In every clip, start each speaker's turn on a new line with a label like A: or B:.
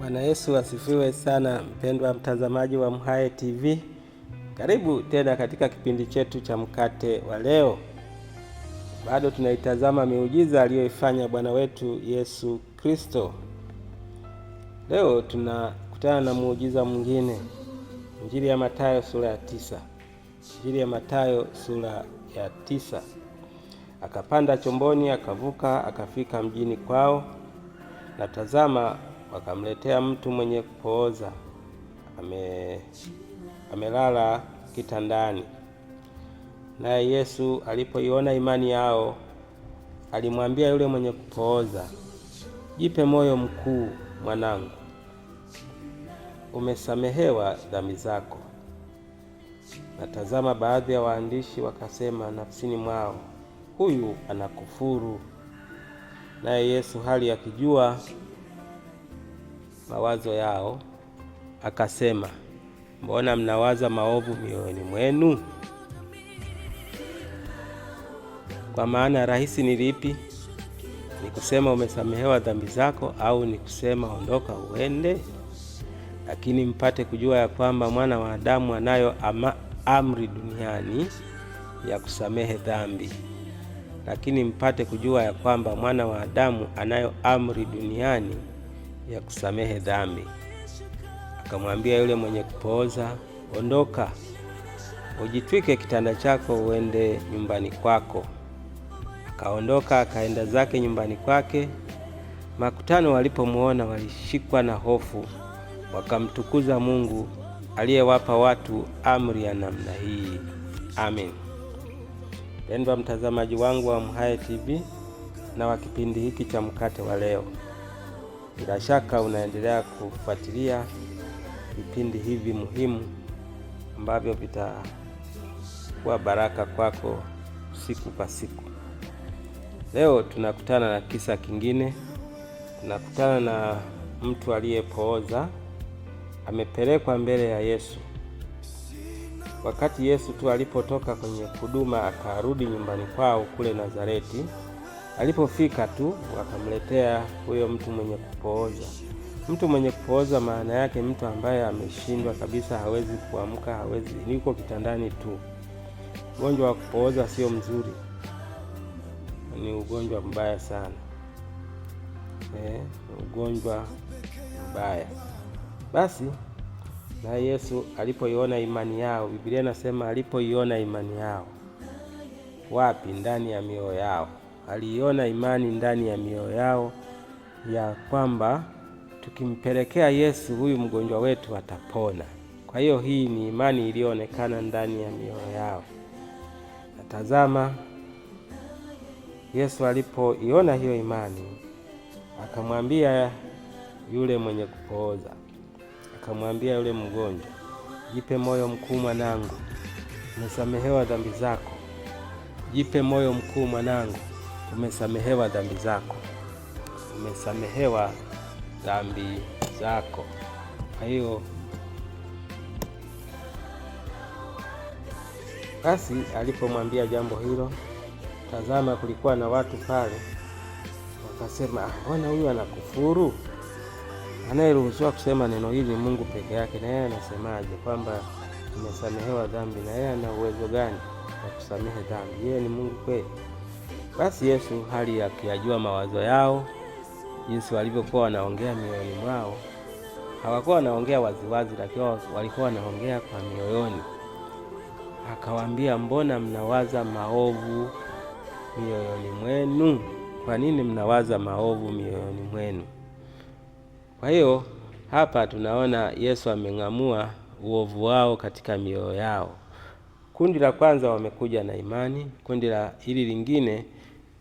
A: Bwana Yesu asifiwe sana, mpendwa mtazamaji wa MHAE TV, karibu tena katika kipindi chetu cha mkate wa leo. Bado tunaitazama miujiza aliyoifanya Bwana wetu Yesu Kristo. Leo tunakutana na muujiza mwingine, Injili ya Mathayo sura ya tisa. Injili ya Mathayo sura ya tisa. Akapanda chomboni akavuka akafika mjini kwao, na tazama wakamletea mtu mwenye kupooza ame, amelala kitandani. Naye Yesu alipoiona imani yao, alimwambia yule mwenye kupooza, jipe moyo mkuu, mwanangu, umesamehewa dhambi zako. Natazama baadhi ya waandishi wakasema nafsini mwao, huyu anakufuru. Naye Yesu hali akijua mawazo yao, akasema, mbona mnawaza maovu mioyoni mwenu? Kwa maana rahisi ni lipi? Ni kusema umesamehewa dhambi zako, au ni kusema ondoka uende? Lakini mpate kujua ya kwamba mwana wa Adamu anayo ama amri duniani ya kusamehe dhambi. Lakini mpate kujua ya kwamba mwana wa Adamu anayo amri duniani ya kusamehe dhambi. Akamwambia yule mwenye kupooza, ondoka, ujitwike kitanda chako, uende nyumbani kwako. Akaondoka akaenda zake nyumbani kwake. Makutano walipomuona walishikwa na hofu, wakamtukuza Mungu aliyewapa watu amri ya namna hii. Amen. Pendwa mtazamaji wangu wa MHAE TV na wa kipindi hiki cha mkate wa leo bila shaka unaendelea kufuatilia vipindi hivi muhimu ambavyo vitakuwa baraka kwako siku kwa siku. Leo tunakutana na kisa kingine, tunakutana na mtu aliyepooza amepelekwa mbele ya Yesu. Wakati Yesu tu alipotoka kwenye huduma akarudi nyumbani kwao kule Nazareti. Alipofika tu wakamletea huyo mtu mwenye kupooza. Mtu mwenye kupooza maana yake mtu ambaye ameshindwa kabisa, hawezi kuamka, hawezi, niko kitandani tu. Ugonjwa wa kupooza sio mzuri, ni ugonjwa mbaya sana eh, ugonjwa mbaya. Basi na Yesu alipoiona imani yao, Biblia inasema alipoiona imani yao, wapi? Ndani ya mioyo yao aliiona imani ndani ya mioyo yao ya kwamba tukimpelekea Yesu huyu mgonjwa wetu atapona. Kwa hiyo hii ni imani iliyoonekana ndani ya mioyo yao. Na tazama, Yesu alipoiona hiyo imani, akamwambia yule mwenye kupooza, akamwambia yule mgonjwa, jipe moyo mkuu mwanangu, umesamehewa dhambi zako. Jipe moyo mkuu mwanangu, umesamehewa dhambi zako, umesamehewa dhambi zako. Kwa hiyo basi, alipomwambia jambo hilo, tazama, kulikuwa na watu pale wakasema, mbona huyu anakufuru? Anayeruhusiwa kusema neno hili Mungu peke yake, na yeye anasemaje kwamba umesamehewa dhambi? Na yeye ana uwezo gani wa kusamehe dhambi? Yeye ni Mungu kweli? Basi Yesu hali akiyajua mawazo yao, jinsi walivyokuwa wanaongea mioyoni mwao, hawakuwa wanaongea waziwazi, lakini walikuwa wanaongea kwa mioyoni. Akawaambia, mbona mnawaza maovu mioyoni mwenu? Kwa nini mnawaza maovu mioyoni mwenu? Kwa hiyo hapa tunaona Yesu ameng'amua uovu wao katika mioyo yao. Kundi la kwanza wamekuja na imani, kundi la hili lingine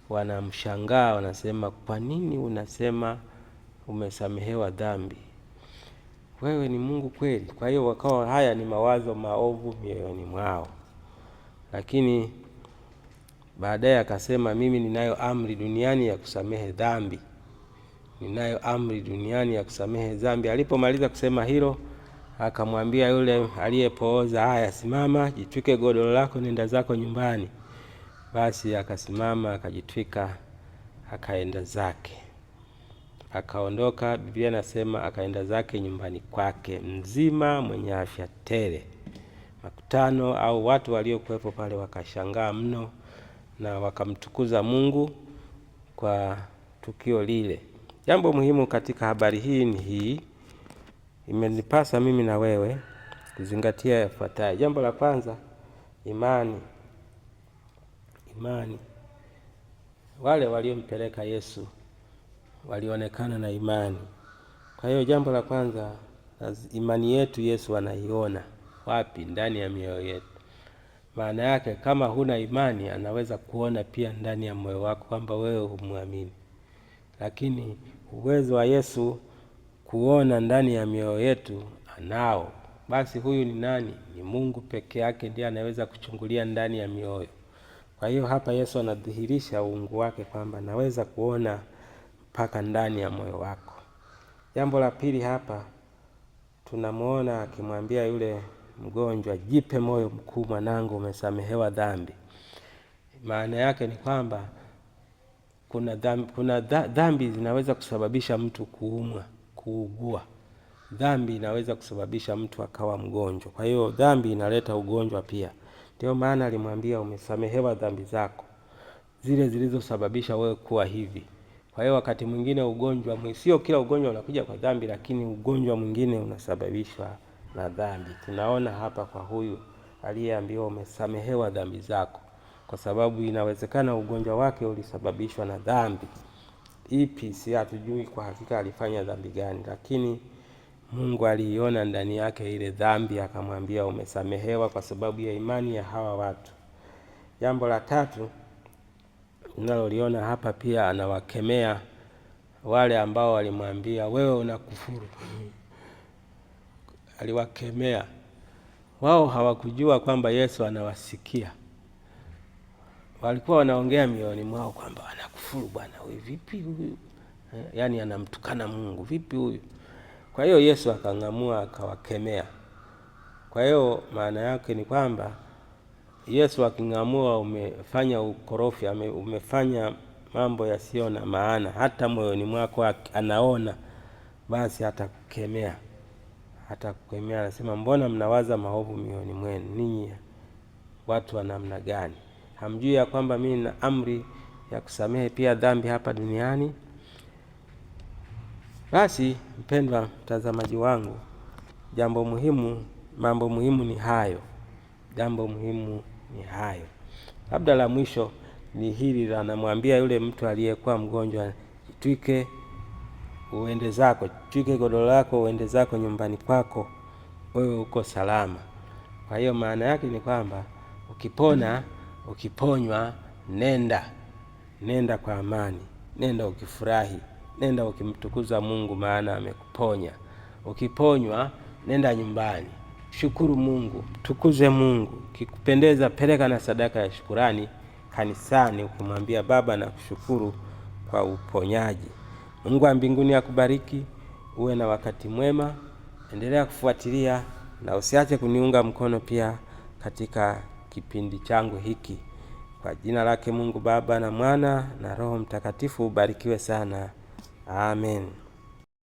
A: wanamshangaa, wanasema kwa nini unasema umesamehewa dhambi? Wewe ni Mungu kweli? Kwa hiyo wakawa haya ni mawazo maovu mioyoni mwao, lakini baadaye akasema, mimi ninayo amri duniani ya kusamehe dhambi, ninayo amri duniani ya kusamehe dhambi. Alipomaliza kusema hilo, akamwambia yule aliyepooza, haya, simama, jitwike godoro lako, nenda zako nyumbani. Basi akasimama akajitwika akaenda zake, akaondoka. Biblia nasema akaenda zake nyumbani kwake mzima, mwenye afya tele. Makutano au watu waliokuwepo pale wakashangaa mno na wakamtukuza Mungu kwa tukio lile. Jambo muhimu katika habari hii ni hii, imenipasa mimi na wewe kuzingatia yafuatayo. Jambo la kwanza, imani imani. Wale waliompeleka Yesu walionekana na imani. Kwa hiyo jambo la kwanza, imani yetu Yesu anaiona wapi? Ndani ya mioyo yetu. Maana yake kama huna imani, anaweza kuona pia ndani ya moyo wako kwamba wewe humwamini, lakini uwezo wa Yesu kuona ndani ya mioyo yetu anao. Basi huyu ni nani? Ni Mungu peke yake ndiye anaweza kuchungulia ndani ya mioyo. Kwa hiyo hapa Yesu anadhihirisha uungu wake kwamba naweza kuona mpaka ndani ya moyo wako. Jambo la pili hapa tunamwona akimwambia yule mgonjwa, jipe moyo mkuu, mwanangu, umesamehewa dhambi. Maana yake ni kwamba kuna dhambi, kuna dhambi zinaweza kusababisha mtu kuumwa, kuugua. Dhambi inaweza kusababisha mtu akawa mgonjwa. Kwa hiyo dhambi inaleta ugonjwa pia ndio maana alimwambia umesamehewa dhambi zako zile zilizosababisha wewe kuwa hivi. Kwa hiyo wakati mwingine ugonjwa, sio kila ugonjwa unakuja kwa dhambi, lakini ugonjwa mwingine unasababishwa na dhambi. Tunaona hapa kwa huyu aliyeambiwa umesamehewa dhambi zako, kwa sababu inawezekana ugonjwa wake ulisababishwa na dhambi ipi, si hatujui kwa hakika alifanya dhambi gani, lakini Mungu aliiona ndani yake ile dhambi, akamwambia umesamehewa kwa sababu ya imani ya hawa watu. Jambo la tatu unaloliona hapa, pia anawakemea wale ambao walimwambia wewe unakufuru. Aliwakemea wao, hawakujua kwamba Yesu anawasikia. Walikuwa wanaongea mioyoni mwao kwamba anakufuru bwana huyu, vipi huyu? Eh, yaani anamtukana Mungu, vipi huyu? Kwa hiyo Yesu akang'amua akawakemea. Kwa hiyo maana yake ni kwamba Yesu aking'amua, umefanya ukorofi, umefanya mambo yasiyo na maana, hata moyoni mwako anaona, basi atakukemea, atakukemea. Anasema, mbona mnawaza maovu mioyoni mwenu? Ninyi watu wa namna gani? Hamjui ya kwamba mimi nina amri ya kusamehe pia dhambi hapa duniani? Basi mpendwa mtazamaji wangu, jambo muhimu, mambo muhimu ni hayo, jambo muhimu ni hayo. Labda la mwisho ni hili, anamwambia yule mtu aliyekuwa mgonjwa, itwike uende zako, twike godoro lako uende zako nyumbani kwako, wewe uko salama. Kwa hiyo maana yake ni kwamba ukipona, ukiponywa, nenda nenda kwa amani, nenda ukifurahi nenda ukimtukuza Mungu, maana amekuponya. Ukiponywa nenda nyumbani, shukuru Mungu, mtukuze Mungu. Kikupendeza peleka na sadaka ya shukurani kanisani, ukimwambia Baba na kushukuru kwa uponyaji. Mungu wa mbinguni akubariki, uwe na wakati mwema, endelea kufuatilia na usiache kuniunga mkono pia katika kipindi changu hiki. Kwa jina lake Mungu Baba na Mwana na Roho Mtakatifu, ubarikiwe sana. 아멘.